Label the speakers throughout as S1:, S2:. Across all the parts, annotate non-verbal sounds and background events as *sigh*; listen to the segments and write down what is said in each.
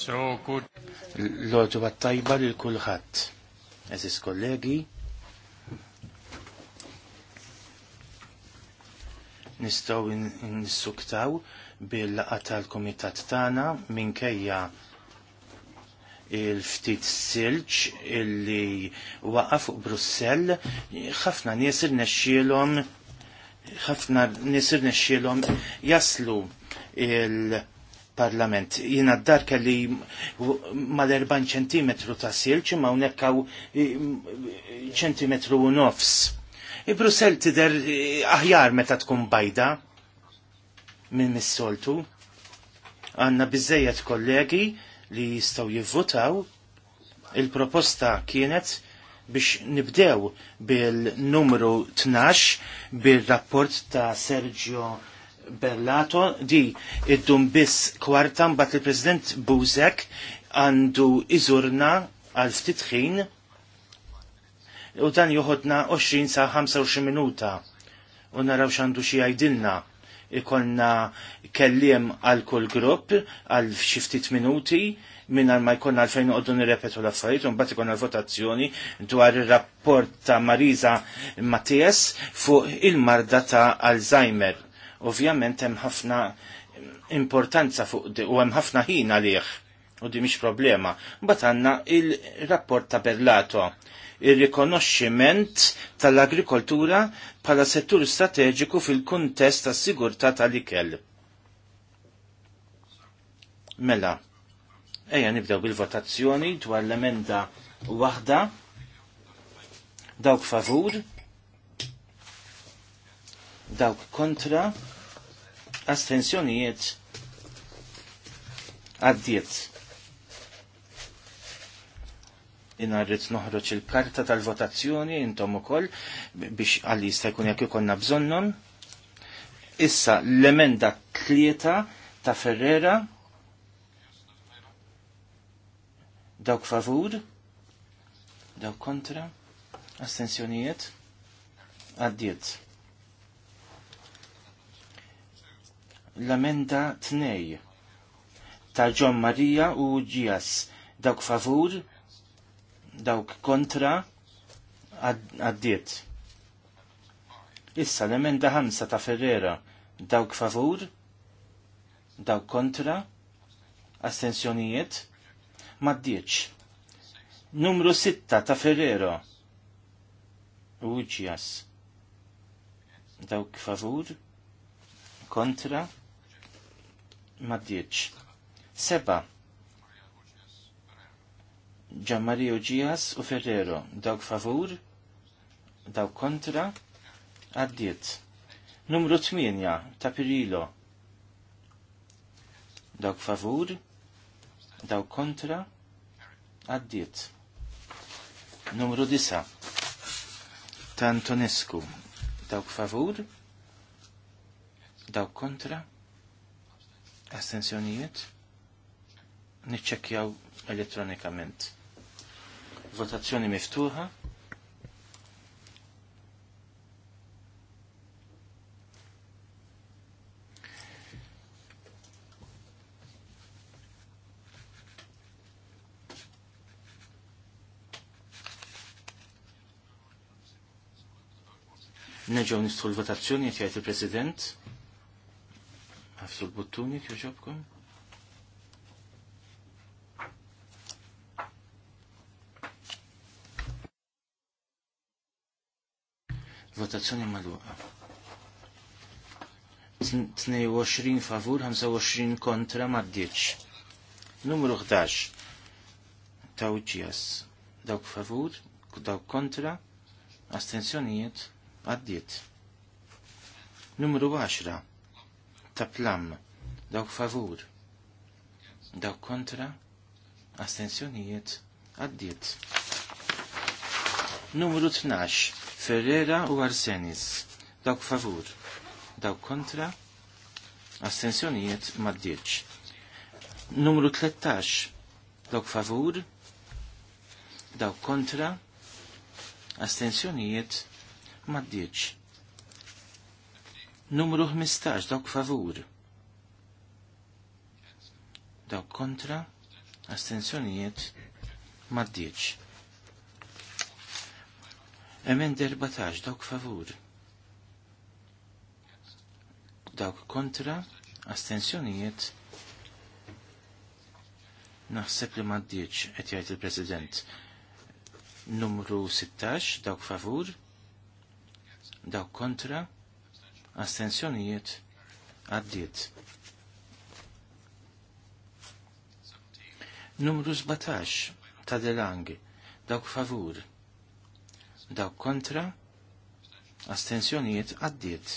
S1: So good. L-ħodu għattajba li l-kulħat. Eżis kollegi. Nistaw nissuktaw bil-laqa tal-komitat tana minkejja il-ftit silġ illi waqa fuq Brussell ħafna nisir nexxielhom ħafna nisir nexxielhom jaslu il- parlament. Jina d-dar kelli mal-40 cm ta' silċ ma' unekkaw e, ċentimetru u nofs. E, Brussel tider e, aħjar meta tkun bajda minn mis-soltu. Għanna bizzejet kollegi li jistaw jivvotaw. Il-proposta kienet biex nibdew bil-numru 12 bil-rapport ta' Sergio Bellato di id-dum biss kwarta mbagħad il-President Buzek għandu iżurna għal ftit ħin u dan joħodna 20 sa 25 minuta u naraw x'għandu xi jgħidilna ikonna kelliem għal kull grupp għal xi ftit minuti minn ma jkonna għalfejn għoddu nirrepetu l-affarijiet, un bat ikonna l-votazzjoni dwar il-rapport ta' Marisa Mattias fuq il-marda ta' Alzheimer. Ovvjament hemm ħafna importanza fuq u hemm ħafna ħin għalih u di mhix problema. Mbagħad għandna il-rapport ta' Berlato ir-rikonoxximent tal-agrikoltura bħala settur strateġiku fil-kuntest tas-sigurtà tal-ikel. Mela, ejja nibdew bil-votazzjoni dwar l-emenda waħda dawk favur dawk kontra astensjonijiet għaddiet. rrit noħroċ il-karta tal-votazzjoni intom ukoll biex għalli jista' jkun jekk ikollna bżonnhom. Issa l-emenda tlieta ta' Ferrera dawk favur, dawk kontra, astensjonijiet, għaddiet. l-amenda 2 ta' John Marija u Gias dawk favur dawk kontra għaddiet. Issa l-emenda 5 ta' Ferrera dawk favur dawk kontra astensjonijiet ma' Numru 6 ta' Ferrero Uġjas. dawk favur kontra maddiċ. Seba. Gianmario Gias u Ferrero, dawk favur, dawk kontra, għaddiet. Numru 8 Tapirilo. Dawk favur, dawk kontra, Addiet. Numru 9 ta' Antonescu. Dawk favur, dawk kontra, Astenzjonijiet niċċekkjaw elettronikament. Votazzjoni miftuħa. Neġaw nistu l-votazzjoni jgħid il-President. Għafsu l-buttuni kjoġobkom? Votazzjoni madwaqa. 22 favur, 25 kontra maddiċ. Numru 11. Tawġijas. Dawk favur, dawk kontra, astenzjonijiet, għaddiet. Numru 10 ta' plam, dawk favur, dawk kontra, astensjonijiet, għaddiet. Numru 12, Ferrera u Arsenis, dawk favur, dawk kontra, astensjonijiet, maddiċ. Numru 13, dawk favur, dawk kontra, astensjonijiet, maddiċ Numru 15, dawk favur. Dawk kontra, astenzjonijiet, maddieċ. Emen 14, dawk favur. Dawk kontra, astenzjonijiet, naħseb li maddieċ, et jgħajt il-President. Numru 16, dawk favur, dawk kontra, astensjonijiet għaddiet. Numru 17 ta' Delang, dawk favur, dawk kontra, astensjonijiet għaddiet.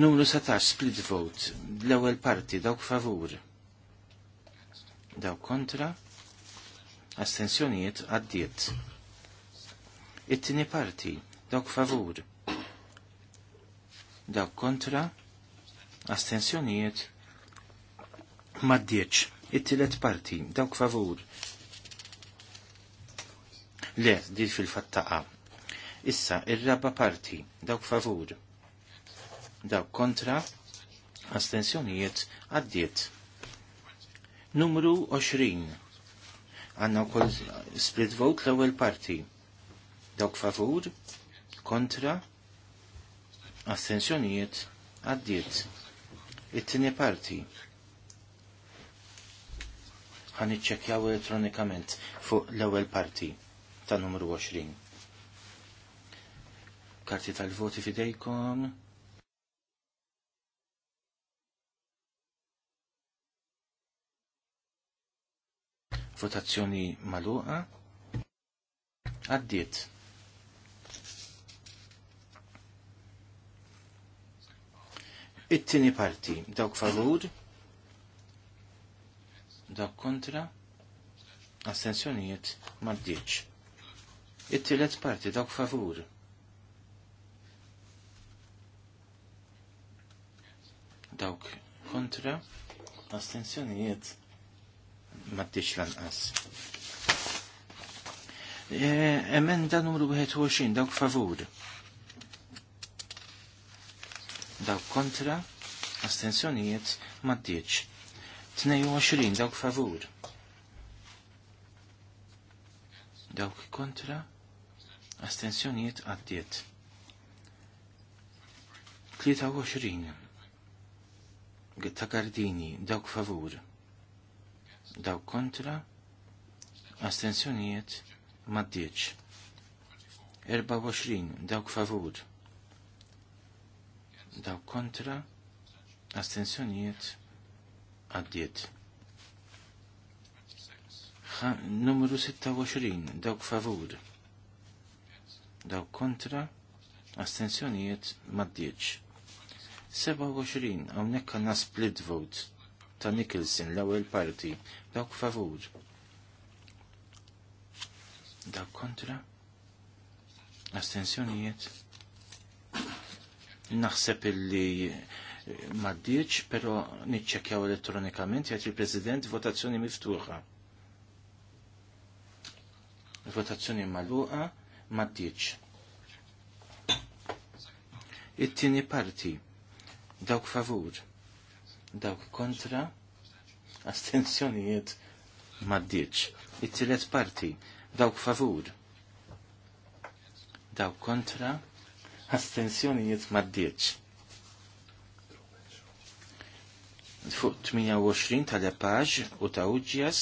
S1: Numru 17 split vote, l-ewwel parti dawk favur, dawk kontra, astensjonijiet għaddiet It-tini parti, dawk favur. Dawk kontra, astensjoniet, maddieċ. It-tilet parti, dawk favur. Le, di fil-fattaqa. Issa, ir rabba parti, dawk favur. Dawk kontra, astensjonijiet, għaddiet. Numru 20. Għanna kol split vote l-ewel parti dawk favur, kontra, astensjonijiet, għaddiet. It-tini parti. Għan iċċekjaw elettronikament fuq l-ewwel parti ta' numru 20. Karti tal-voti fidejkom. Votazzjoni maluqa. Għaddiet. It-tieni parti, dawk favur, dawk kontra, astensjonijiet maddiċ. It-tielet parti, dawk favur. Dawk kontra, astensjonijiet maddiċ lanqas. E, emenda numru 21, dawk favur dawk kontra, astensjonijiet maddiċ. 22 dawk favur. Dawk kontra, astensjonijiet għaddiet. 23 ta' gardini dawk favur. Dawk kontra, astensjonijiet maddiċ. 24 dawk favur daw kontra astensjonijiet għaddiet. Numru 26 dawk favur daw kontra astensjonijiet maddieċ. 27 għawnek għanna split vote ta' Nicholson l-ewwel parti dawk favur. Dawk kontra astensjonijiet naħseb illi maddiċ, pero nitċekjaw elettronikament jgħat il-President votazzjoni miftuħa. Votazzjoni maluqa maddiċ. It-tieni parti dawk favur, dawk kontra, astensjonijiet maddiċ. It-tielet parti dawk favur, dawk kontra, jiet maddieċ. Fuq 28 tal-epaġ u ta' uġjas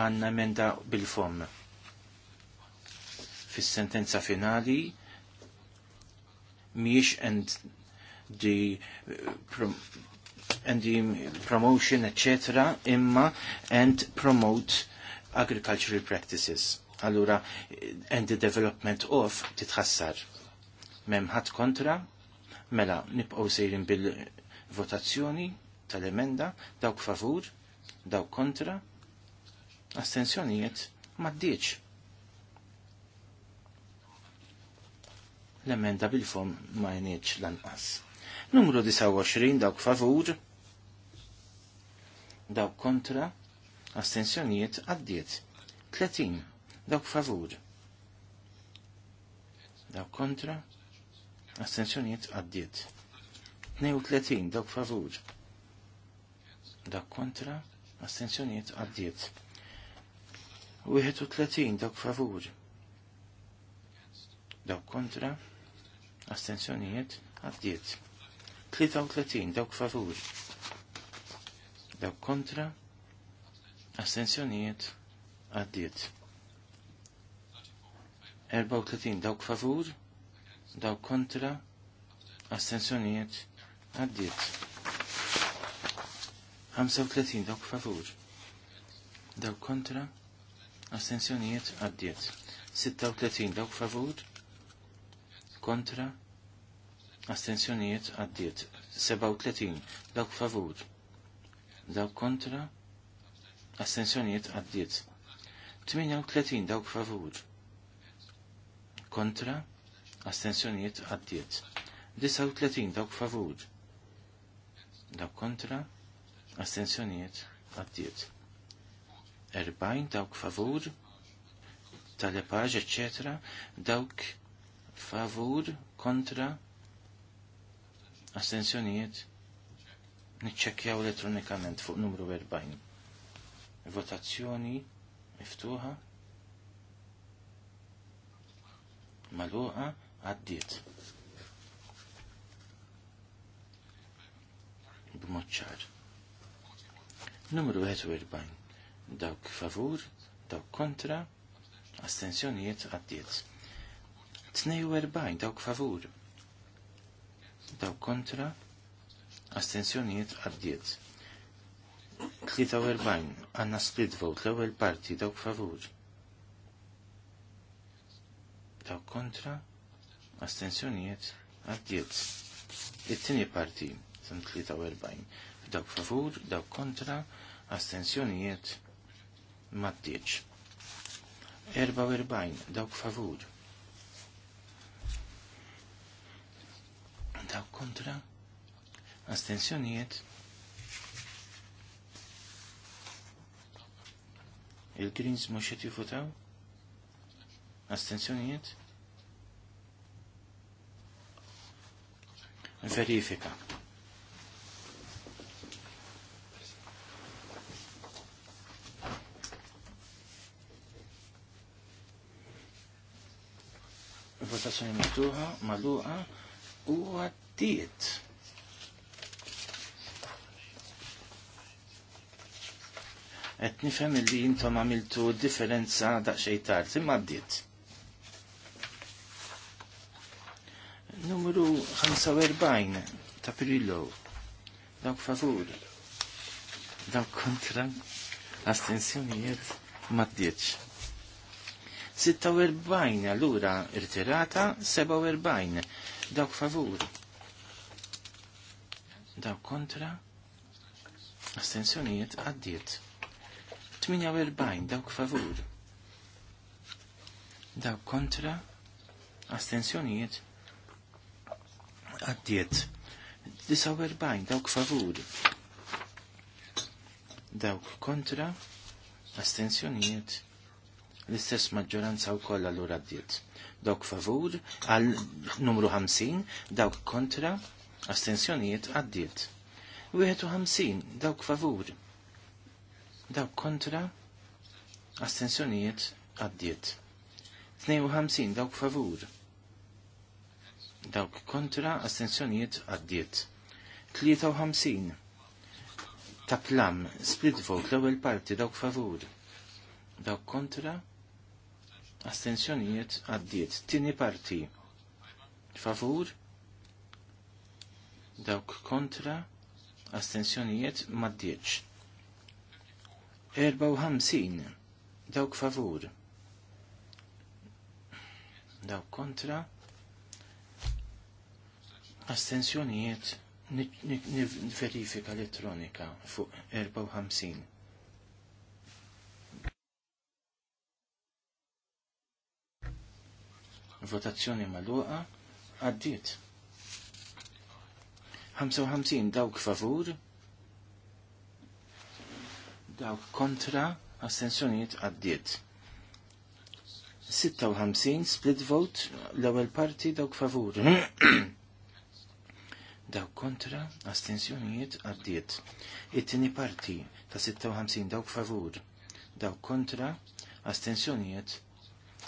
S1: għanna emenda bil-fom. Fis-sentenza finali miex and the and the promotion etc imma and promote agricultural practices allura and the development of titħassar ħadd kontra, mela nibqgħu sejrin bil-votazzjoni tal-emenda, dawk favur, dawk kontra, astensjonijiet maddiċ. L-emenda bil-fom ma jenieċ lanqas. Numru 29 dawk favur, dawk kontra, astensjonijiet għaddiet. 30 dawk favur, dawk kontra, Astenzjoniet għaddiet. 32 dawk favur. Dak kontra. Astenzjoniet għaddiet. 31 dawk favur. Dawk kontra. Astenzjoniet għaddiet. 33 dawk favur. Dak kontra. Astenzjoniet għaddiet. 34 dawk favur daw kontra astensjoniet għaddiet. 35 dawk favur. Daw kontra astensjoniet għaddiet. 36 dawk favur kontra astensjoniet għaddiet. 37 dawk favur. Daw kontra astensjoniet għaddiet. 38 dawk favur. Kontra astensjonijiet għaddiet. 39 dawk favur, dawk kontra, astensjoniet għaddiet. 40 dawk favur, tal-epaġ, etc. dawk favur, kontra, astensjoniet niċċekjaw elettronikament fuq numru 40. Votazzjoni miftuħa, maluqa, għaddiet. B'moċċar. Numru 41. Dawk favur, dawk kontra, astensjonijiet għaddiet. 42 dawk favur. Dawk kontra, astensjonijiet għaddiet. 43 għanna split vote l-ewwel parti dawk favur. Dawk kontra, astensjonijiet għaddiet. it tini parti tan 43 dawk favur, dawk kontra, astensjonijiet maddiċ. 44 dawk favur. Dawk kontra, astensjonijiet il-Greens mux jtifutaw? Astenzjonijiet? verifika. Votazzjoni miftuħa, maluqa u għaddiet. Et nifhem li jintom għamiltu differenza daqsxejn tard, imma għaddiet. Numru 45 ta' Pirillo. Dawk favur. Dawk kontra. Astensjonijiet ma' 10. 46 allura irtirata, 47 dawk favur. Dawk kontra. Astensjonijiet għaddiet. 48 dawk favur. Dawk kontra. Astensjonijiet għaddiet. 49 dawk favur. Dawk kontra astensjonijiet l-istess maġġoranza u koll għallura għaddiet. Dawk favur għal numru 50, dawk kontra astensjonijiet għaddiet. 51 dawk favur. Dawk kontra astensjonijiet għaddiet. 52 dawk favur dawk kontra astenzjonijiet għaddiet. 53 ta' plam split vote l-ewwel parti dawk favur. Dawk kontra astenzjonijiet għaddiet. Tini parti favur dawk kontra astenzjonijiet maddieċ. 54 dawk favur dawk kontra astensjonijiet verifika elettronika fuq 54. Votazzjoni maluqa għaddiet. 55 dawk favur, dawk kontra, astensjonijiet għaddiet. 56 split vote l-ewwel parti dawk favur. *clears throat* daw kontra astensjonijiet għaddiet. It-tieni parti ta' 56 dawk favur, daw kontra astensjonijiet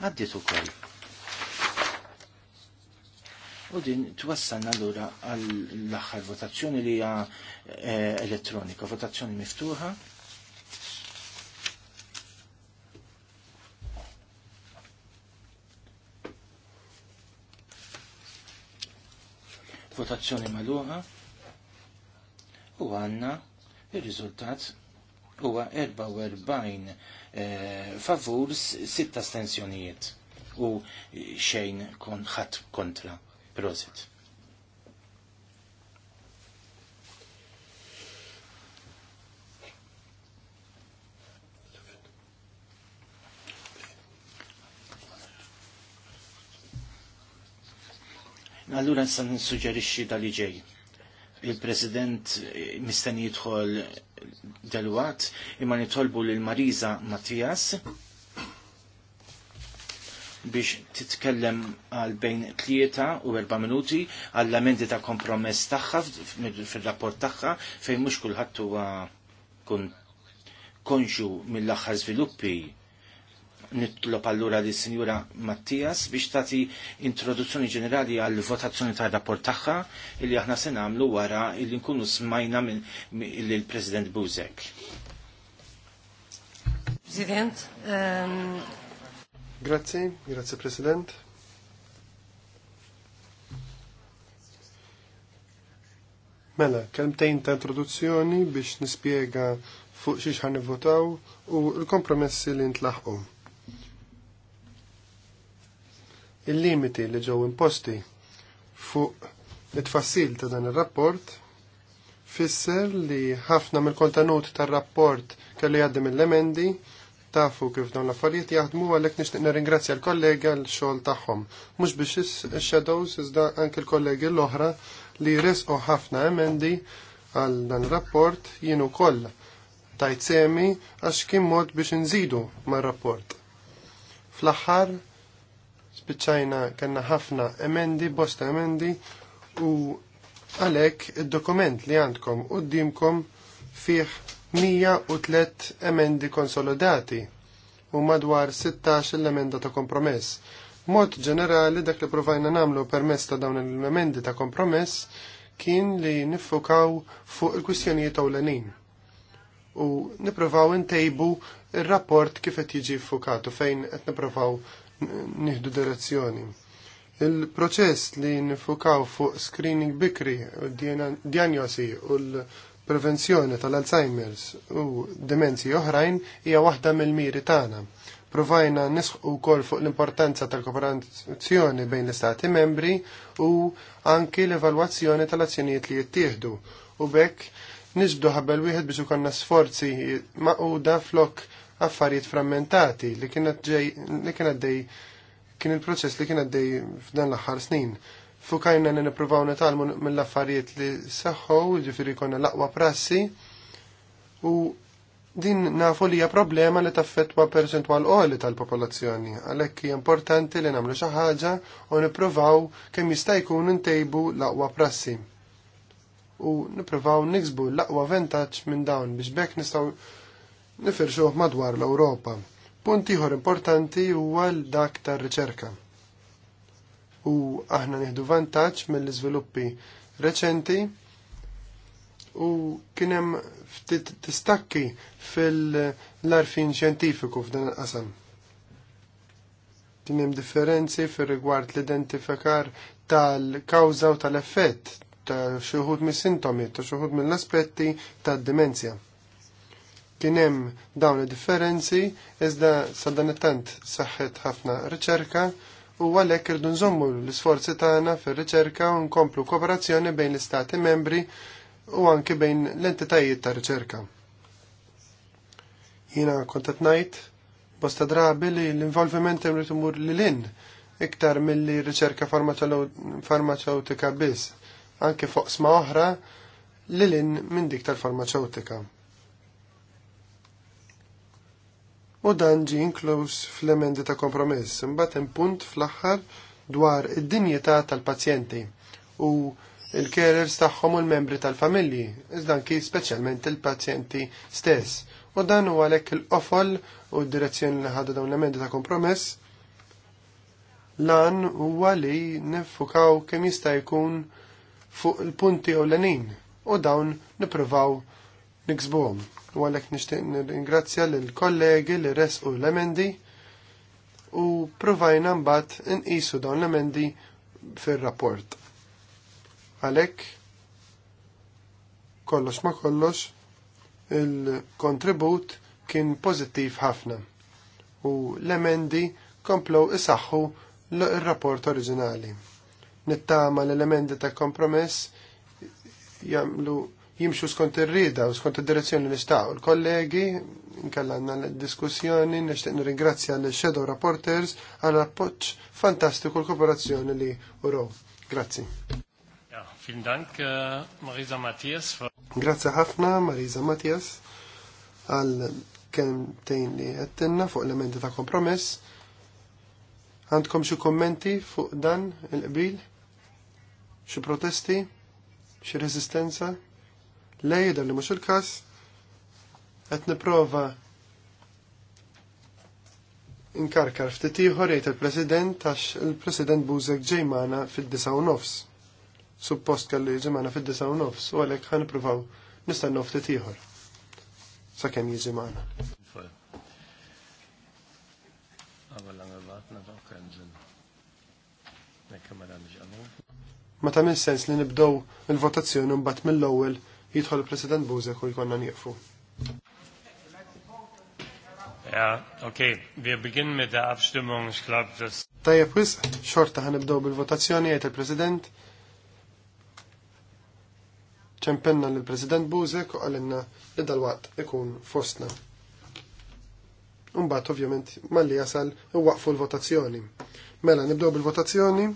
S1: għaddiet ukoll. U din twassalna allura għall-aħħar votazzjoni li hija eh, elettronika, votazzjoni miftuħa. votazzjoni maluħa u għanna il-rizultat huwa 44 eh, favur 6 astensjonijiet u xejn kon ħadd kontra. prozit. Allura nsan nissuġġerixxi dal ġej. Il-President eh, mistenni jidħol delwat imma nitolbu lil Mariza Mattias biex titkellem għal bejn tlieta u erba' minuti għall amendi ta' kompromess tagħha fir-rapport tagħha fejn mhux kulħadd huwa konxu mill-aħħar żviluppi nitlob allura li sinjura Mattias biex tagħti introduzzjoni ġenerali għall votazzjoni tar rapport tagħha illi aħna se nagħmlu wara illi nkunu smajna minn il-President Buzek. President, um...
S2: Grazzi, grazzi President. Mela, kelmtejn ta' introduzzjoni biex nispjega fuq xiex ħan votaw u l-kompromessi li ntlaħqu il-limiti li ġew imposti fuq it-tfassil ta' dan ir-rapport fisser li ħafna mill-kontenut tar-rapport kelli jgħaddi mill-emendi tafu kif dawn l-affarijiet jaħdmu għalhekk nixtieq nirringrazzja l-kollega l-xogħol tagħhom. Mhux biex is shadows iżda anke l-kollegi l-oħra li resqu ħafna emendi għal dan rapport jien ukoll tajt semi għax kien mod biex inżidu mar rapport. Fl-aħħar spiċċajna kellna ħafna emendi, bosta emendi u għalhekk id-dokument li għandkom d-dimkom fih 103 emendi konsolidati u madwar 16 l-emenda ta' kompromess. Mod ġenerali dak li provajna namlu permess ta' dawn l-emendi ta' kompromess kien li nifukaw fuq il-kwistjonijiet ewlenin. U niprovaw intejbu il-rapport kif qed jiġi fukatu fejn qed niprovaw nieħdu direzzjoni. Il-proċess li nifukaw fuq screening bikri u diagnosi u l-prevenzjoni tal-Alzheimer's u demenzi oħrajn hija waħda mill-miri tagħna. Provajna nisħu wkoll fuq l-importanza tal-kooperazzjoni bejn l-Istati membri u anki l-evalwazzjoni tal-azzjonijiet li jittieħdu u bekk nisbdu ħabel wieħed biex ukollna sforzi maquda flok affarijiet frammentati li kien għaddej kien il-proċess li kien għaddej f'dan l-aħħar snin. Fukajna li nippruvaw nitalmu mill-affarijiet li seħħu, ġifieri konna l-aqwa prassi u din nafu li hija problema li taffetwa perċentwal qoli tal-popolazzjoni, għalhekk hija importanti li nagħmlu xi ħaġa u nippruvaw kemm jista' jkun intejbu l-aqwa prassi. U nippruvaw niksbu l-aqwa vantaġġ minn dawn biex bekk nistgħu nifirxu madwar l-Ewropa. Punt ieħor importanti huwa dak tar-riċerka. U aħna nieħdu vantaġġ mill-iżviluppi reċenti u kien hemm tistakki fil larfin xjentifiku f'dan il-qasam. Kien hemm differenzi fir-rigward l-identifikar tal-kawża u tal-effett ta' xuħud mis-sintomi, ta' xuħud mill-aspetti tad-dimensja. Kien hemm dawn id-differenzi iżda sadan it-tant saħħet ħafna riċerka u għalhekk irdu nżommu l-isforzi tagħna fir-riċerka u nkomplu kooperazzjoni bejn l-istati membri u anke bejn l-entitajiet ta' riċerka. Jiena kont qed ngħid bosta drabi li l-involviment imri timur li l-in iktar mill-li riċerka farmaceutika biss, anke foqsma oħra li l-in minn dik tal-farmaceutika. u dan ġi inkluż fl-emendi ta' kompromess. Mbagħad hemm punt fl-aħħar dwar id-dinjità tal-pazjenti u il-carers tagħhom u l-membri tal-familji, iżda anki speċjalment il-pazjenti stess. U dan huwa għalhekk il-qofol u d-direzzjoni li ħadu dawn l-emendi ta' kompromess lan huwa li nifukaw kemm jista' jkun fuq il-punti ewlenin u dawn nippruvaw niksbuhom. U għalhekk nixtieq nirringrazzja lill kollegi li resqu l-emendi u provajna mbagħad isu dawn l-emendi fir-rapport. Għalhekk kollox ma kollox il-kontribut kien pozittiv ħafna u l-emendi komplow isaħħu l-rapport oriġinali. Nittama l-elementi ta' kompromess jamlu jimxu skont ir-rida u skont id-direzzjoni li staw. Il-kollegi nkella għanna l-diskussjoni nixtieq ingrazzja l shadow Reporters għal appoġġ fantastiku l-kooperazzjoni li uraw. Grazzi.
S1: Ja, Dank äh, Marisa Mattias.
S2: Grazzi ħafna Marisa Mattias għal kelmtejn li għettinna fuq elementi ta' kompromess. Għandkom xi kommenti fuq dan il-qbil? Xi protesti? Xi resistenza? Lej, dan li mhux il-każ, qed nipprova inkarkar ftit ieħor il-President għax il-President Buzek ġejmana fid-disa u nofs. Suppost kalli jiġi fid-disa u nofs u għalhekk ħanippruvaw nistennew ftit ieħor sakemm jiġi magħna. Ma ta' min sens li nibdow il-votazzjoni mbagħad mill-ewwel jidħol il-President Buzek u jkollna nieqfu.
S1: Ja, ok, wir beginnen mit der Abstimmung, ich das...
S2: xorta ħanibdow bil-votazzjoni, għajt il-President. ċempenna l-President Buzek u għalinna li dal-waqt ikun fostna. Umbat, ovvjament, malli jasal u waqfu l-votazzjoni. Mela, nibdow bil-votazzjoni.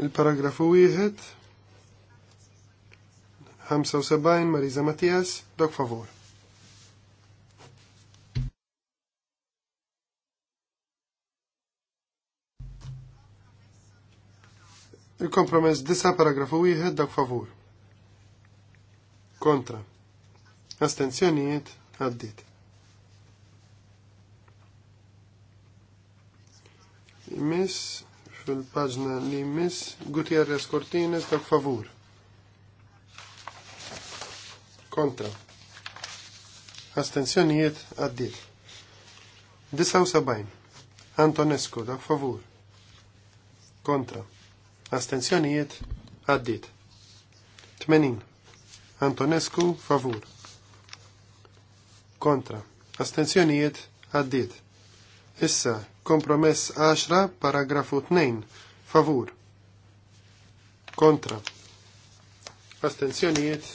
S2: Il-paragrafu wieħed 75 Marisa Mattias, dok favor. Il-kompromess disa paragrafu wieħed dak favor. Kontra. Astenzjonijiet għaddit. Miss fil-pagġna li miss Gutierrez Cortines ta' favur. Kontra. Astenzjonijiet għaddil. 79. Antonescu dak favur. Kontra. Astenzjonijiet għaddit. 80. Antonescu favur. Kontra. Astenzjonijiet għaddit. Issa Kompromess 10, paragrafu 2, favur. Kontra. Astenzjonijiet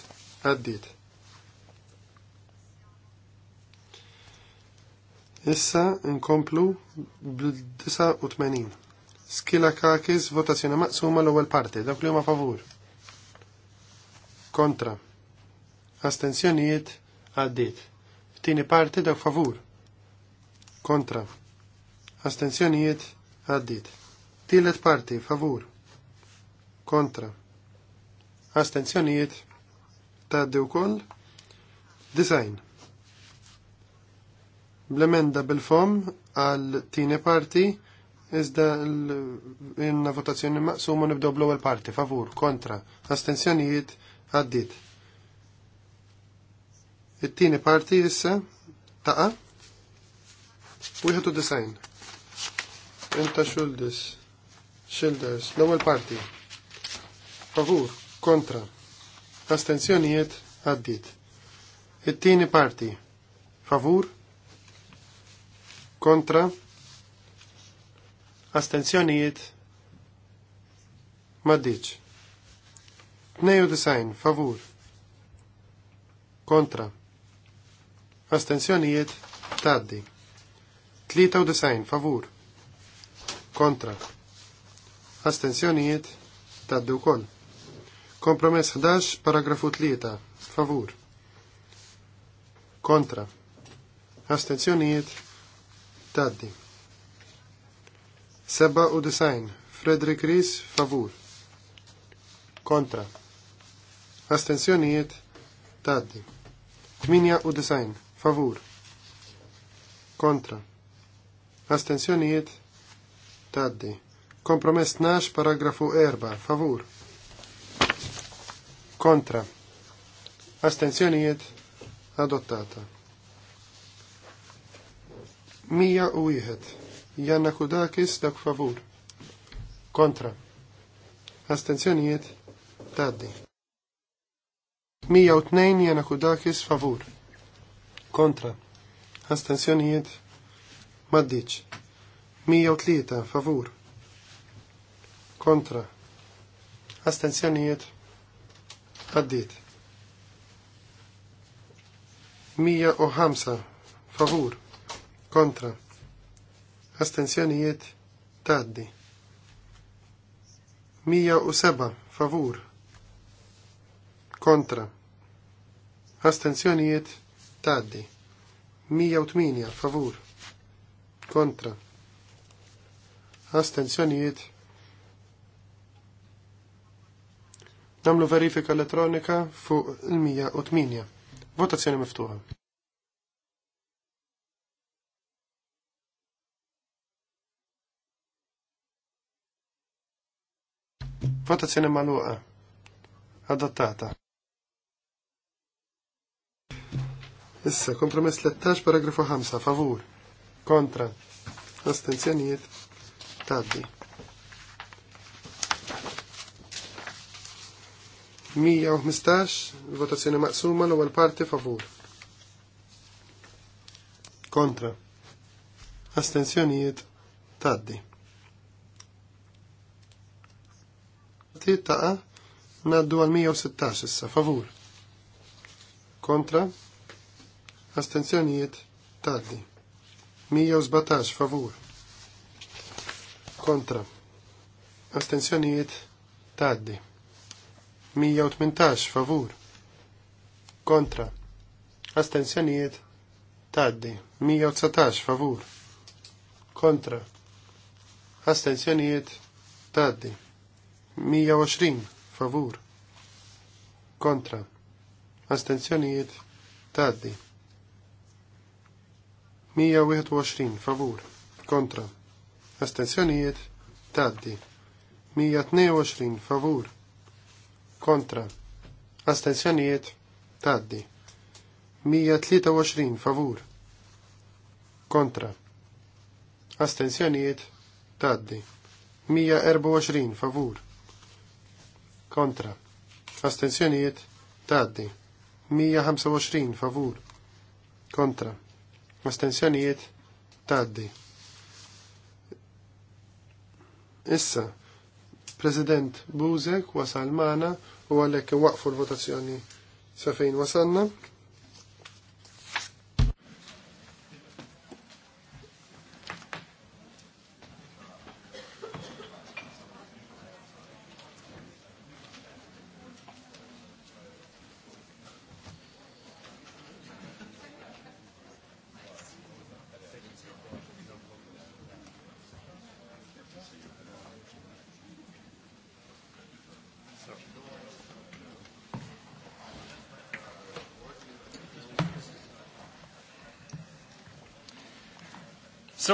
S2: għaddit. Issa nkomplu bl-89. Skila kakis votazzjoni maqsuma l-ewwel parti, dak li huma favur. Kontra. Astenzjonijiet għaddit. F'tieni parti dak favur. Kontra. Astenzjonijiet għaddit. Tillet parti favur. Kontra. Astenzjonijiet taddi wkoll. Design. Blemenda bil-fom għal tine parti iżda l votazzjoni maqsumu nibdow bl-ewwel parti favur, kontra, astenzjonijiet għaddit. It-tieni parti issa taqa' wieħed u design. Enta Shoulders. Shoulders, l-ewwel parti. Favur, kontra. Astenzjonijiet għaddit. It-tieni parti. Favur, kontra. Astenzjonijiet maddiċ. design. favur. Kontra. Astenzjonijiet taddi. Tlita design. favur kontra. Astenzjonijiet taddu wkoll. Kompromess 11, paragrafu 3, favur. Kontra. Astenzjonijiet taddi. Seba u design, Frederick Ries, favur. Kontra. Astenzjonijiet taddi. Tminja u design, favur. Kontra. Astenzjonijiet taddi taddi. Kompromess nax paragrafu 4 favur. Kontra. Astenzjonijiet adottata. 101. Janna Kudakis dak favur. Kontra. Astenzjonijiet taddi. tnejn Janna Kudakis favur. Kontra. Astenzjonijiet maddiċ. 103 favur kontra astenzjonijiet għaddit 105 favur kontra astenzjonijiet taddi 107 favur kontra astenzjonijiet taddi 108 favur kontra astenzjonijiet. Namlu verifika elettronika fuq il-108. Votazzjoni miftuħa. Votazzjoni maluqa. Adattata. Issa, kompromess 13, paragrafu 5, favur. Kontra. Astenzjonijiet taddi. 115 votazzjoni maqsuma l-ewwel parti favur. Kontra. Astenzjonijiet taddi. Tiet taqa naddu għal 116 issa favur. Kontra. Astenzjonijiet taddi. 117 favur kontra astenzjonijiet taddi 118 favur kontra astenzjonijiet taddi 119 favur kontra astenzjonijiet taddi 120 favur kontra astenzjonijiet taddi 121 favur kontra astensjonijiet taddi. 122 favur kontra astensjonijiet taddi. 123 favur kontra Astenzjonijiet taddi. 124 favur kontra astensjonijiet taddi. 125 favur kontra Astenzjonijiet taddi. Issa, President Buzek wasal mana u għalhekk waqfu l-votazzjoni sa fejn wasalna.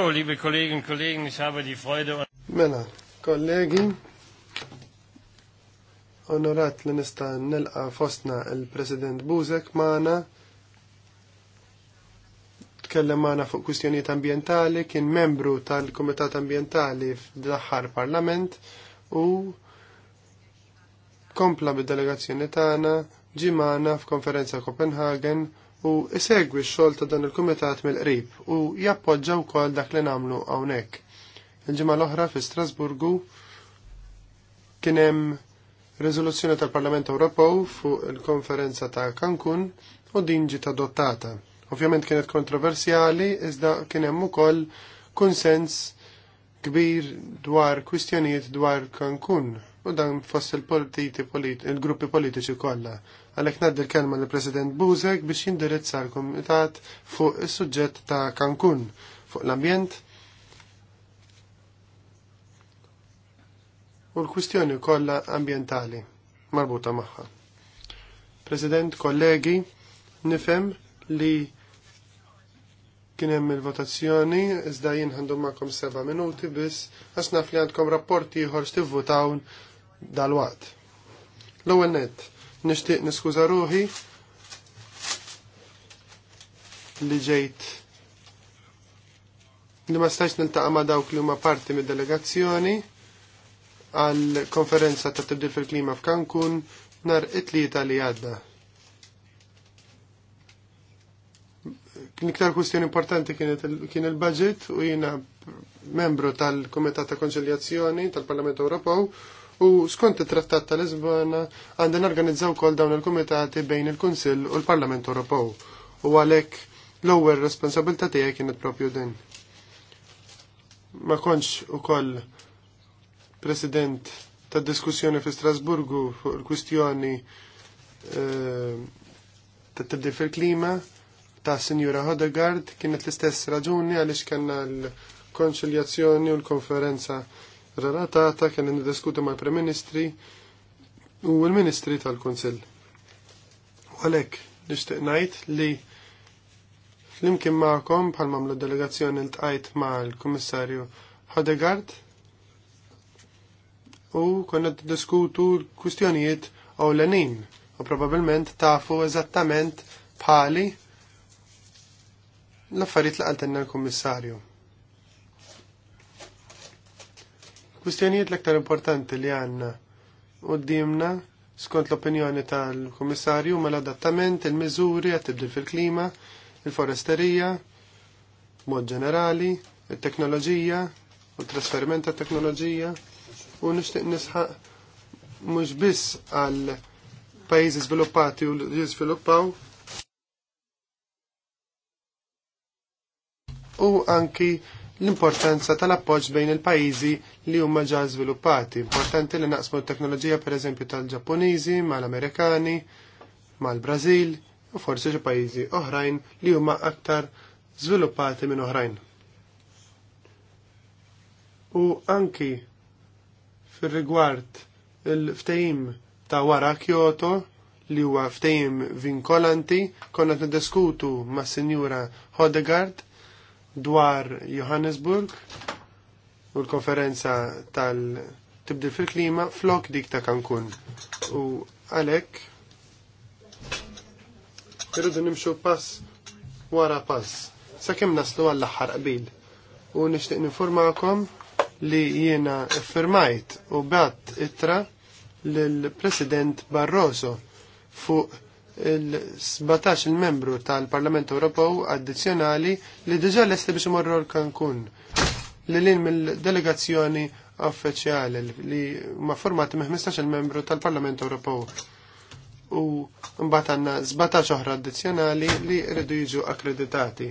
S1: So, liebe Kolleginnen und Kollegen, ich habe die Freude...
S2: Mela, kollegi, onorat li nista nilqa fostna il-President Buzek maħna tkellem maħna fuq kustjonijiet ambientali, kien membru tal-Komitat Ambientali f'daħħar Parlament u kompla bid-delegazzjoni tagħna ġi f'konferenza Copenhagen u isegwi x-xogħol ta' dan il-kumitat mill-qrib u jappoġġa wkoll dak li nagħmlu hawnhekk. Il-ġimgħa l-oħra fi Strasburgu kien hemm riżoluzzjoni tal-Parlament Ewropew fuq il-konferenza ta' Cancun u din ġiet adottata. Ovvjament kienet kontroversjali iżda kien hemm ukoll konsens kbir dwar kwistjonijiet dwar Cancun u dan fost il-gruppi politiċi kollha. Għalhekk ngħaddi l-kelma lill president Buzek biex jindirizza l-Kumitat fuq is-suġġett ta' Cancun fuq l-ambjent. U l-kwistjoni kollha ambjentali marbuta magħha. President, kollegi, nifhem li kien hemm il-votazzjoni, iżda jien għandhom magħkom seba' minuti biss, għasnaf li għandkom rapporti ieħor stivvutawn dal-waqt. L-ewwel nett, nixtieq niskuża ruħi li ġejt li ma stajx niltaqa' ma' dawk li huma parti mid-delegazzjoni għall konferenza ta' tibdil fil-klima f'Cancun nar it-tlieta li għadda. Niktar kustjoni importanti kien il-budget u jina membru tal-Komitat ta' Konċiljazzjoni tal-Parlament Ewropew U skont it-Trattat ta' Lisbona għandna organizzaw kol dawn il-Kumitati bejn il-Kunsill u l-Parlament Ewropew. U għalhekk l-ewwel responsabilità tiegħi kienet propju din. Ma kontx ukoll President ta' diskussjoni fi Strasburgu fuq il-kwistjoni eh, ta' tibdi fil-klima ta' Sinjura Hodegard kienet l-istess raġuni għaliex kellna l-konċiljazzjoni u l-konferenza relatata kien niddiskutu mal-Prim Ministri u l-Ministri tal-Kunsill. U għalhekk nixtieq ngħid li flimkien magħkom bħal mamlu delegazzjoni l-tqajt mal-Kummissarju Hadegard u konna diskutu l-kustjonijiet ewlenin u probabbilment tafu eżattament bħali l-affarijiet li għaltenna l-Kummissarju Kwistjonijiet l-aktar importanti li għanna u d-dimna skont l-opinjoni tal-Komissarju ma l-adattament, il-mizuri għattibdi fil-klima, il-foresterija, mod ġenerali, il-teknoloġija, u trasferiment ta' teknoloġija, u nishtiq nisħaq mux biss għal pajizi sviluppati u li sviluppaw, u anki l-importanza tal-appoġġ bejn il-pajjiżi li huma ġa żviluppati. Importanti li naqsmu t-teknoloġija pereżempju tal-Ġappuniżi mal-Amerikani, mal-Brażil u forsi xi pajjiżi oħrajn li huma aktar żviluppati minn oħrajn. U anki fir-rigward il-ftehim ta' wara Kyoto li huwa ftehim vinkolanti, konna niddiskutu mas-Sinjura Hodegard dwar Johannesburg u l-konferenza tal-tibdil fil-klima flok dik ta' Cancun. U għalek, irridu nimxu pass wara pass. Sakemm naslu għall-aħħar qbil. U nixtieq informakom li jiena firmajt u bat itra lill-President Barroso fuq il-17 il-membru tal-Parlament Ewropew addizzjonali li diġà lesti biex imorru l-Kankun li lin mill-delegazzjoni uffiċjali li ma formati me 15 il-membru tal-Parlament Ewropew u mbagħad għandna 17 oħra addizzjonali li jridu jiġu akkreditati.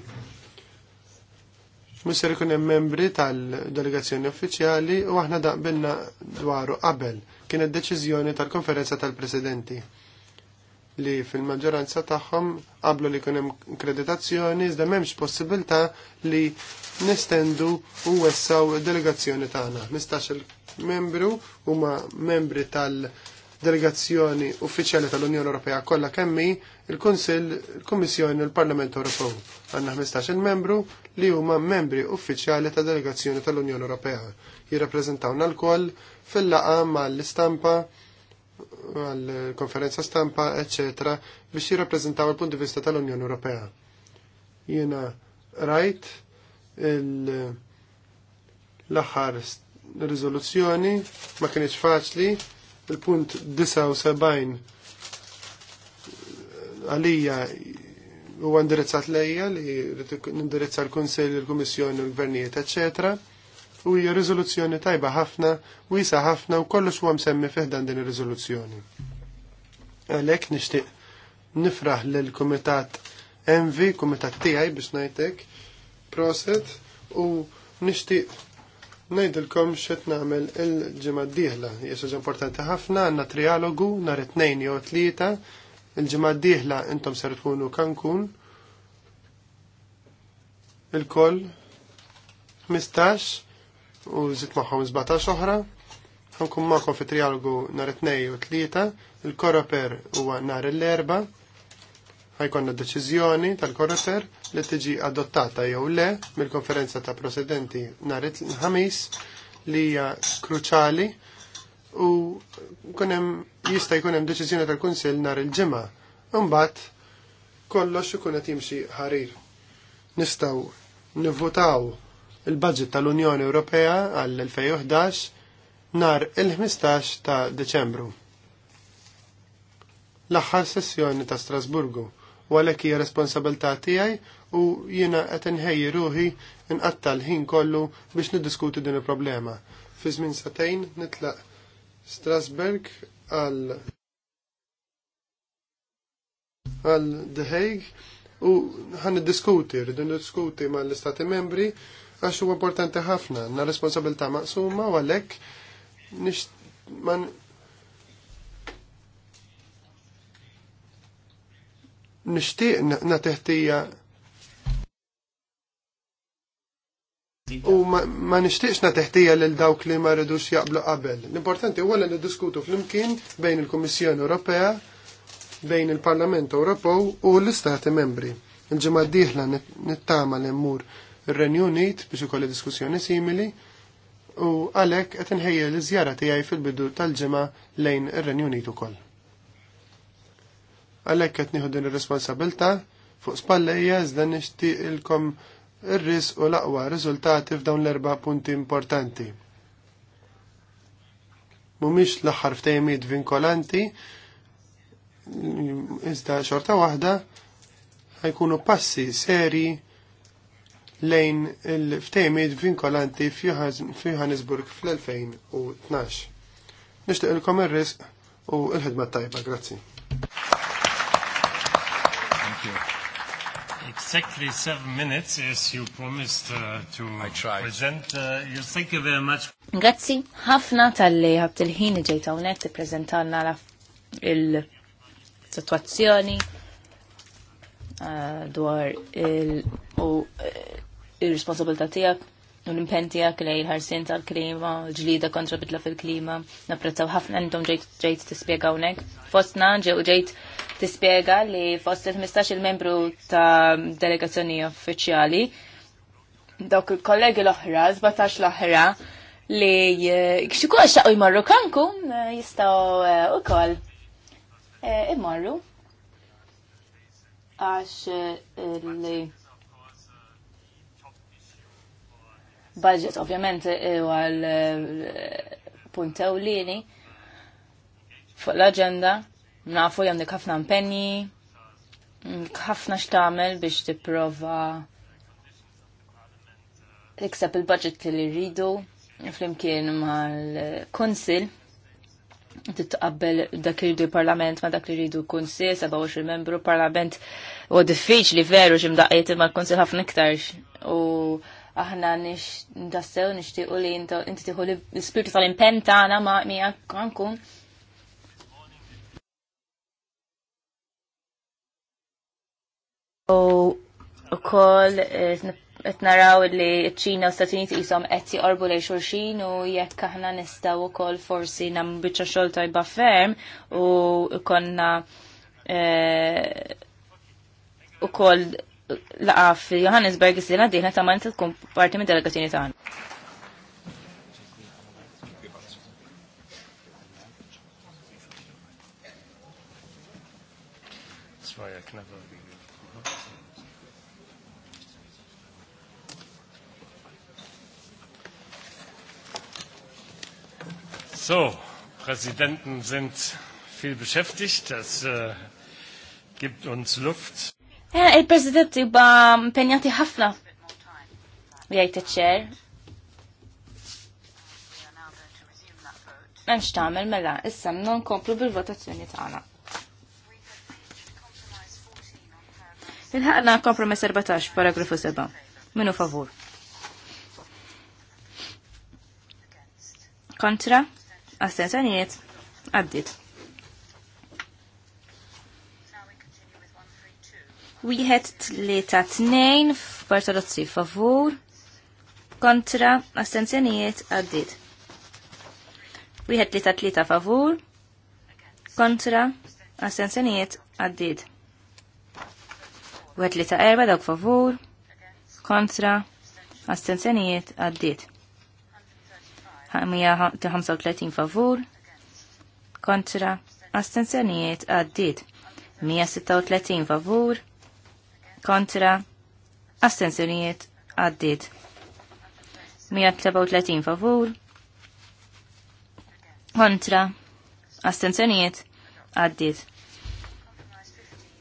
S2: Musser ikun hemm membri tal-delegazzjoni uffiċjali u aħna daqbilna dwaru qabel kienet deċiżjoni tal-konferenza tal-presidenti li fil-maġġoranza tagħhom qablu li jkun hemm kreditazzjoni iżda m'hemmx possibilità li nestendu u wessaw delegazzjoni tagħna. Nistax il-membru huma membri tal-delegazzjoni uffiċjali tal-Unjoni Ewropea kollha kemm hi il-Kunsill, il-Kummissjoni u l-Parlament Ewropew. Għandna 15-il membru li huma membri uffiċjali tad delegazzjoni tal-Unjoni Ewropea. Jirrappreżentawna l-koll fil-laqa mal-istampa għal-konferenza stampa, eccetera, biex jirrappreżentaw il-punt di vista tal-Unjoni Ewropea. Jiena rajt l-aħħar riżoluzzjoni ma kienx faċli, il-punt 79 għalija u għandirizzat lejja li nindirizza l-Konsil, l-Komissjoni, l-Gvernijiet, eccetera u hija riżoluzzjoni tajba ħafna, wisa ħafna u kollox huwa msemmi fiħdan din ir-riżoluzzjoni. Għalhekk nixtieq nifraħ lil kumitat Envi, kumitat tiegħi biex ngħidlek, proset u nixtieq ngħidilkom x'qed nagħmel il ġimgħa d dieħla Jesa importanti ħafna, għandna trialogu, nhar it tnejn jew tlieta. il ġimgħa d dieħla intom ser tkunu kankun. Il-koll 15 u zit maħħom 17 xoħra, Għankum maħħom fi trialogu nar 2 u 3, il-koroper huwa nar l-erba, ħajkonna deċiżjoni tal-koroper li tiġi adottata jew le mill-konferenza ta' presidenti nar il-ħamis li hija kruċali u kunem jista' jkun hemm deċiżjoni tal-Kunsill nar il-ġimgħa. Imbagħad kollox ikun qed jimxi ħarir. Nistgħu nivvutaw il-budget tal-Unjoni Ewropea għall-2011 nar il-15 ta' Deċembru. L-aħħar sessjoni ta' Strasburgu, u għalhekk hija responsabilità tiegħi u jiena qed inħejji ruħi nqatta l-ħin kollu biex niddiskuti din il-problema. Fi żmien satejn nitlaq Strasburg għal għal The Hague u ħan diskuti, rridu diskuti ma l-istati membri għax huwa importanti ħafna, na responsabilta maqsuma u għalhekk nix man nixtieq na teħtija U ma nixtieqx nateħtija lil dawk li ma rridux jaqblu qabel. L-importanti huwa li niddiskutu flimkien bejn il-Kummissjoni Ewropea, bejn il-Parlament Ewropew u l-Istati Membri. Il-ġimgħa d-dieħla nittama l immur ir-Renju Unit biex ukoll diskussjoni simili u għalhekk qed inħejja l iżjara tiegħi fil-bidu tal-ġimgħa lejn ir-Renju Unit ukoll. Għalhekk qed nieħu din ir-responsabilità fuq spallejja iżda nixtieqilkom ilkom ir-ris u l-aqwa riżultati f'dawn l-erba' punti importanti. Mhumiex l-aħħar ftehimiet vinkolanti, iżda xorta waħda ħajkunu passi seri lejn il-ftejmiet vinkolanti f'Johannesburg fl-2012. Nishtiq il-kom il risq u l-ħidma tajba, grazzi.
S1: Exactly seven minutes as you promised uh, to present. Uh, you thank you very much.
S3: Grazzi, ħafna tal-li ħabt il ħini ġejta unet ti prezentanna il-situazzjoni uh, dwar il- u uh, ir-responsabilità tiegħek u l-impen tiegħek lejn ħarsien tal-klima, l-ġlida kontra bidla fil-klima, napprezzaw ħafna intom ġejt tispjega hawnhekk. Fostna ġew ġejt tispjega li fost il-15 il-membru ta' delegazzjoni uffiċjali dawk il-kollegi l-oħra, 17 l-oħra li eh, għaxa u jmarru kanku eh, jistaw eh, u koll immarru għax li budget ovvjament huwa e, l-punt e, ewlieni fuq l-aġenda nafu jandek ħafna impenji, ħafna x'tagħmel biex tipprova tikseb il-budget li rridu flimkien mal-Konsil titqabbel dak li rridu parlament ma dak li rridu kunsil 27 membru parlament u diffiċli veru x'imdaqqiet imma l-kunsil ħafna iktarx u aħna nix ndassew nixtiequ li inti tieħu l-ispirtu tal-impenn tagħna ma' mi ankun. U wkoll eh, qed naraw li t ċina u Stati Uniti qishom qed jorbu li xulxin u jekk aħna u wkoll forsi nam biċċa xogħol tajba ferm u konna ukoll eh, laqa fi Johannesburg is-sena diħna ta' mant tkun parti minn delegazzjoni tagħna.
S1: So, Präsidenten sind viel beschäftigt. Das äh, gibt uns Luft.
S3: Eh, Il-President jibba penjati ħafna. Jgħajt iċ-ċer. Memx tamel mela, issa non komplu bil-votazzjoni tagħna. Il-ħaqna kompromess 14, paragrafu 7. Minu favur. Kontra, Astenzjoniet? għaddit. Wieħed tlieta tnejn f'Bartolozzi favur kontra astenzjonijiet għaddit. Wieħed tlieta tlieta favur kontra astenzjonijiet għaddit. Wieħed tlieta erba' dawk favur kontra astenzjonijiet għaddit. 135 favur kontra astenzjonijiet għaddit. 136 favur kontra, astensjonijiet għaddit. 137 favur, kontra, astensjonijiet għaddit.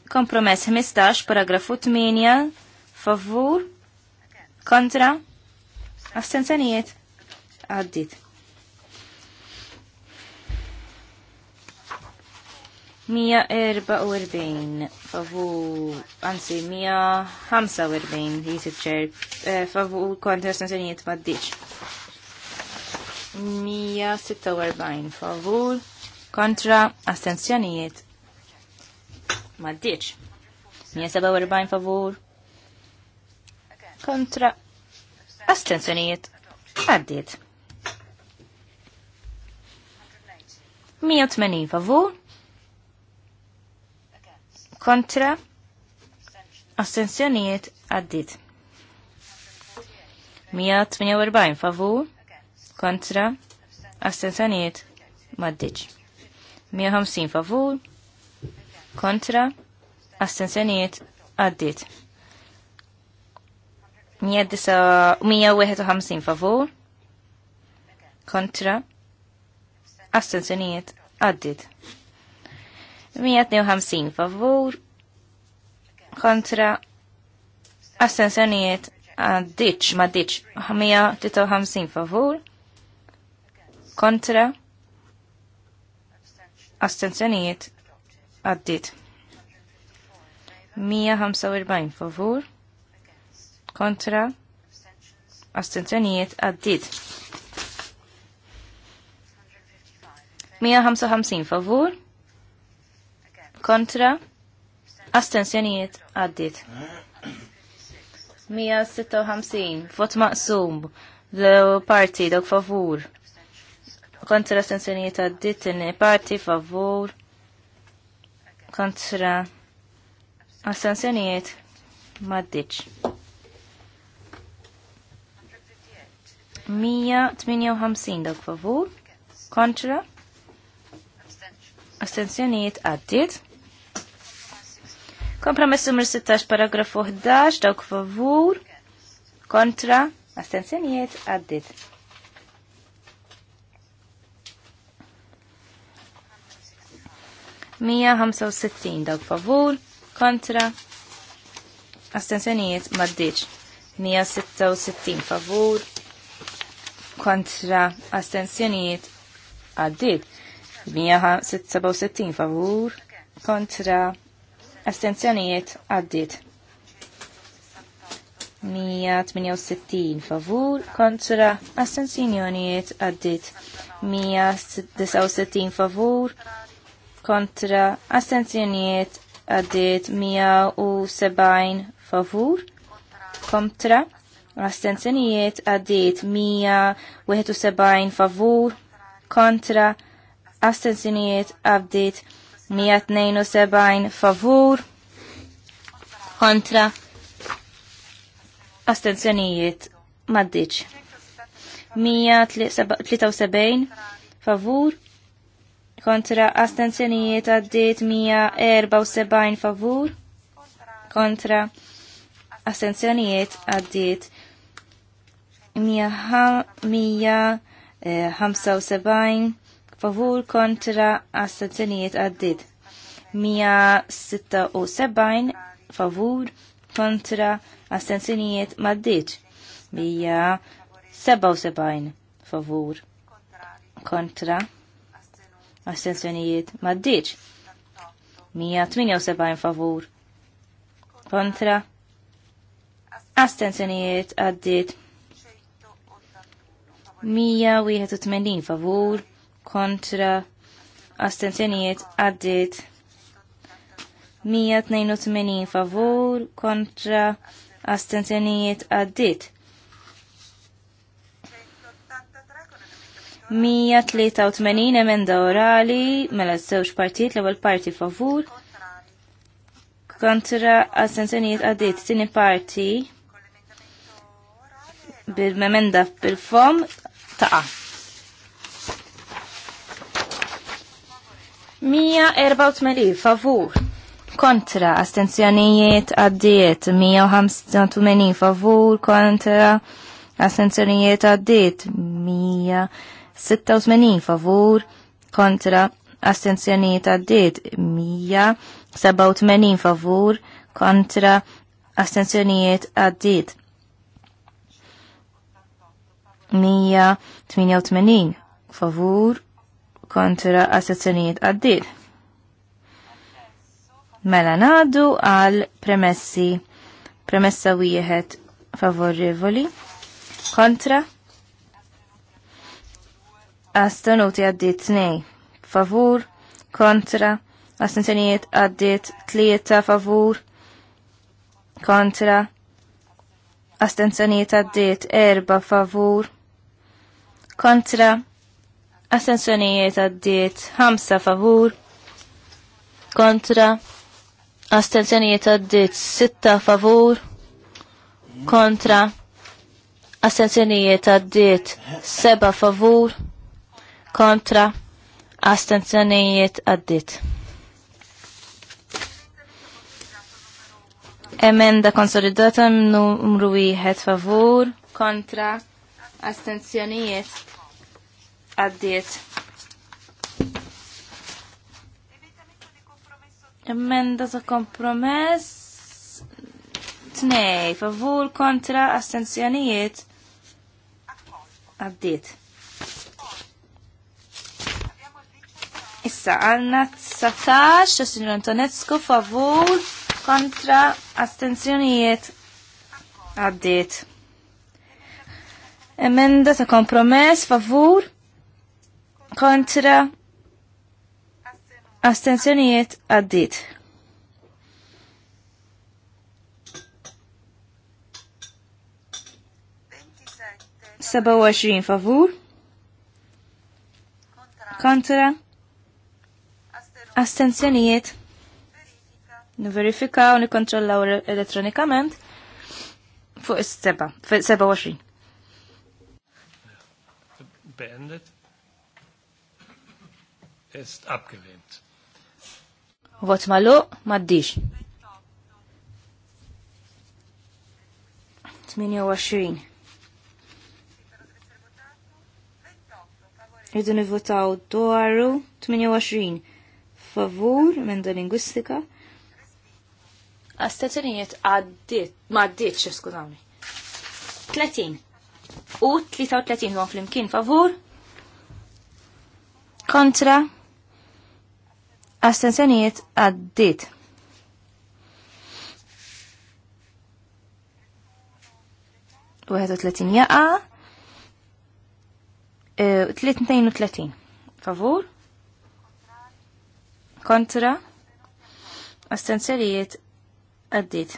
S3: Kompromess 15, paragrafu 8, favur, kontra, astensjonijiet għaddit. 144 favu, anzi 145 li sitċer favu kontra sanzjonijiet ma ddiċ. 146 favu kontra astenzjonijiet ma ddiċ. 147 favu kontra astenzjonijiet għaddiet. 180 favur kontra astensjonijiet għaddit. 148 favur kontra astensjonijiet maddiċ. 150 favur kontra astensjonijiet għaddit. 151 favur kontra astensjonijiet għaddit. 152 favur kontra astensjonijiet għaddiċ, ma diċ, 153 favur kontra astensjonijiet għaddit. 145 favur kontra Mia għaddit. 155 favur kontra, astensjonijiet għaddit. 156, vot maqsum, l parti dok favur, kontra astensjonijiet għaddit, tini parti favur, kontra astensjonijiet maddiċ. 158 dak favur, kontra, astensjonijiet għaddit, Kompromess numru 16 paragrafu 11 dawk favur kontra astenzjonijiet għaddit. Mija ħamsa dawk favur kontra astenzjonijiet maddiċ. 166 favur kontra astenzjonijiet għaddit. 167 favur kontra astenzjonijiet għaddit. 168 favur kontra astenzjonijiet għaddit. 169 favur kontra astenzjonijiet għaddit 170 favur kontra astenzjonijiet għaddit 171 favur kontra astenzjonijiet għaddit 172 favur kontra astenzjonijiet maddiċ 173 favur kontra astenzjonijiet għaddit 174 favur kontra astenzjonijiet għaddit 175 favur kontra astenzjonijiet għaddit. 176 favur kontra astenzjonijiet maddit. 177 favur kontra astenzjonijiet maddit. 178 favur kontra astenzjonijiet għaddit. 181 favur kontra astenzjonijiet għaddit 182 favur kontra astentenijiet għaddit 183 emenda orali mela żewġ partijiet l-ewwel parti favur kontra astenzjonijiet għaddit tieni parti bil-memenda bil-fom ta'. 184 favur kontra astenzjonijiet għaddiet 185 favur kontra astenzjonijiet għaddiet 186 favur kontra astenzjonijiet għaddiet 187 favur kontra astenzjonijiet għaddiet 188 favur kontra assezzjonijiet għaddit. Mela nadu għal premessi. Premessa wieħed favorevoli kontra astenuti għaddit nej. Favur kontra astenzjonijiet għaddit tlieta favur kontra astenzjonijiet għaddit erba favur kontra Astensjonijiet għaddiet 5 favur kontra. Astenzjonijiet għaddiet 6 favur kontra. astensjonijiet għaddiet 7 favur kontra. astensjonijiet għaddiet. Emenda konsolidata numru wieħed favur kontra astensjonijiet għaddiet. Emenda ta' kompromess. Tnej, favur kontra astenzjonijiet. Għaddiet. Issa, għanna 19, Signor Antonetsku, favur kontra astenzjonijiet. Għaddiet. Emenda ta' kompromess, favur kontra astenzjonijiet għaddit. Seba' 27 favur kontra astenzjonijiet niverifikaw nikontrollaw elettronikament fuq is-seba' fuq is-seba 27.
S1: Bendet ist abgelehnt.
S3: Vot malu, maddix. 28. Rridu nivvotaw dwaru 28 favur minn da lingwistika. Astazzjonijiet għaddit, ma għaddit xe skużawni. 30. U 33 għon flimkien favur. Kontra. Astenzjonijiet għaddit. U 31 jaqa. 32 e, favur. Kontra. Astenzjonijiet għaddit.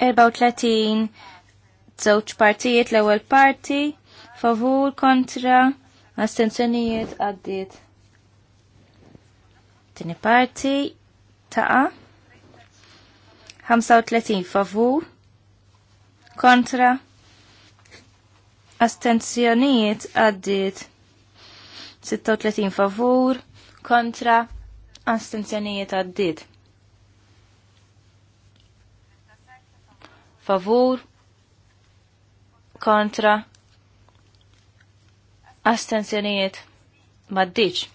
S3: 34 Zawċ partijiet l ewel parti favur kontra Astenzjonijiet għaddit Tini parti ta' 35 favur. Kontra. Astenzjonijiet għaddit 36 favur. Kontra. Astenzjonijiet għaddit Favur. Kontra astensjonijiet maddiċ.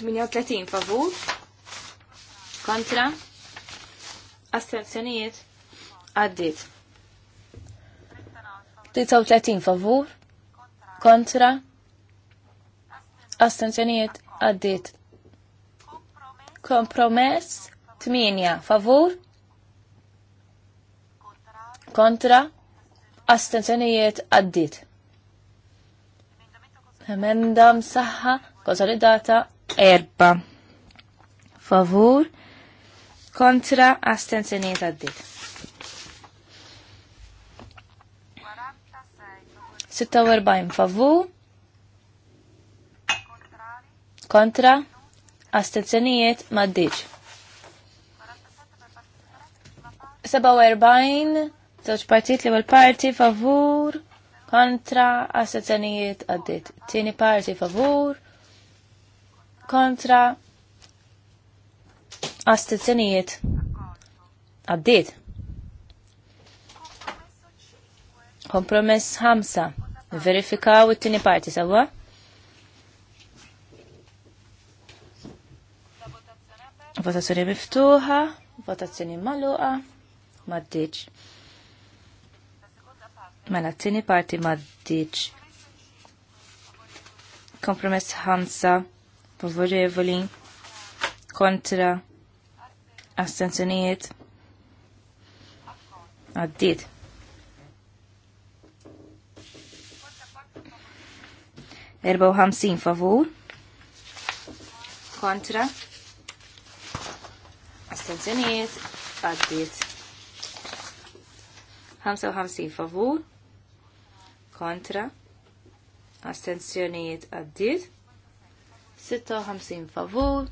S3: 38 favur kontra astensjonijiet għaddit. 33 favur kontra astensjonijiet għaddit. Kompromess 8 favur kontra astenzjonijiet għaddit. Emenda msaħħa konsolidata erba. Favur kontra astenzjoniet għaddit. 46 favur kontra astenzjonijiet maddiċ. 47 żewġ partit li parti favur kontra asazzanijiet għaddit. Tieni parti favur kontra astenzjonijiet għaddit. Kompromess ħamsa. Verifikaw it-tieni parti sewwa. Votazzjoni miftuħa, votazzjoni magħluqa, m'għaddiġ. Mela, t-tini parti maddiċ. Kompromess ħamsa, favorevoli, kontra, astenzjonijiet, għaddit. Erba u ħamsin favur, kontra, astenzjonijiet, għaddit. ħamsin favur, kontra astenzjonijiet għaddit 56 favur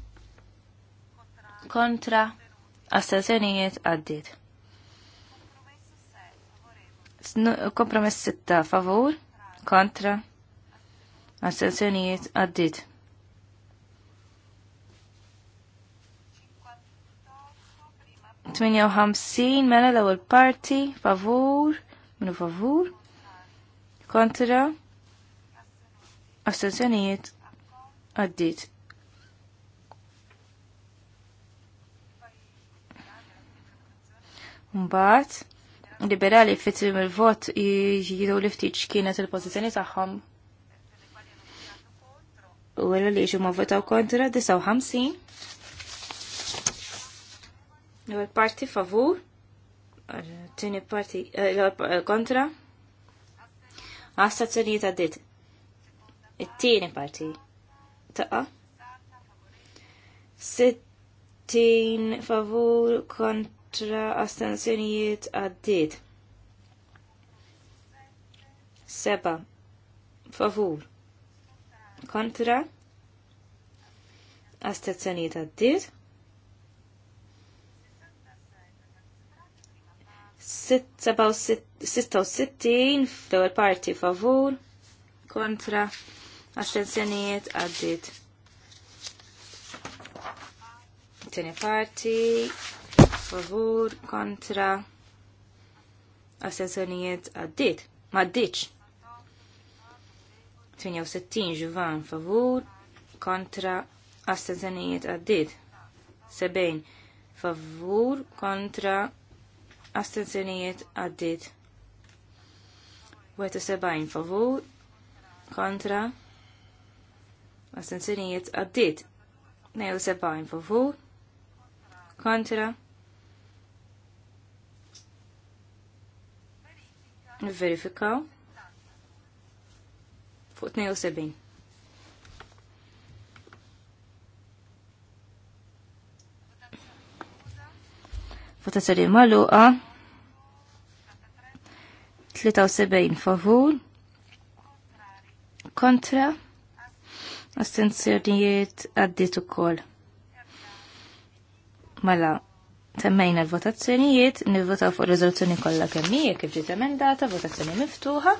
S3: kontra astenzjonijiet għaddit kompromess 6 favur kontra astenzjonijiet għaddit 58 mela l-ewwel parti favur minu favur kontra astenzjonijiet għaddit. Mbaħt, liberali fitzim il-vot jidu li ftit kienet il pozizjoni tagħhom. U għallu li ġumma votaw kontra 59. L-parti favur, tini parti eh, eh, kontra, Astazzjonijiet dit. It-tieni parti. Taqa. Sittin favur kontra astanzjonijiet għaddit. Seba. Favur. Kontra. Astazzjonijiet għaddit. 66 fl-ewwel parti favur kontra astenzjonijiet għaddit. Tieni parti favur kontra astenzjonijiet għaddit. Ma ddiċ. 68 ġuvan favur kontra astenzjonijiet għaddit. 70 favur kontra astenzjonijiet għaddit. 71 favur kontra astenzjonijiet għaddit. 72 favur kontra Verifikaw fuq 72. Votazzjoni mal-luqa 73 favur kontra astenzjonijiet għaddit ukoll. Mela, temmejna l-votazzjonijiet, nivvotaw fuq riżoluzzjoni kollha kemm hija kif ġiet emendata, votazzjoni miftuħa.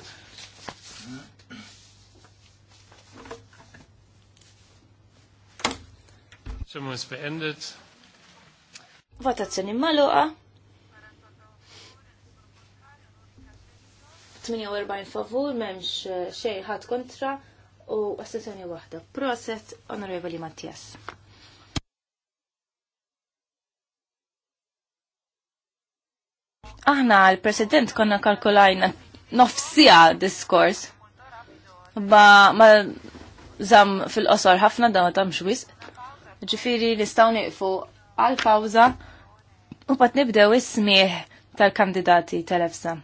S2: Stimmung ist beendet.
S3: Votazzjoni maluqa. 48 favur, memx eh, xej ħadd kontra u assessjoni waħda. Proset Onorevoli Mattias. Aħna l-President konna kalkulajna nofsija diskors. Ba ma zam fil-qosor ħafna da ma tamx wisq. Ġifiri nistaw niqfu għal-pawza u pat nibdew ismiħ tal-kandidati tal-efsa.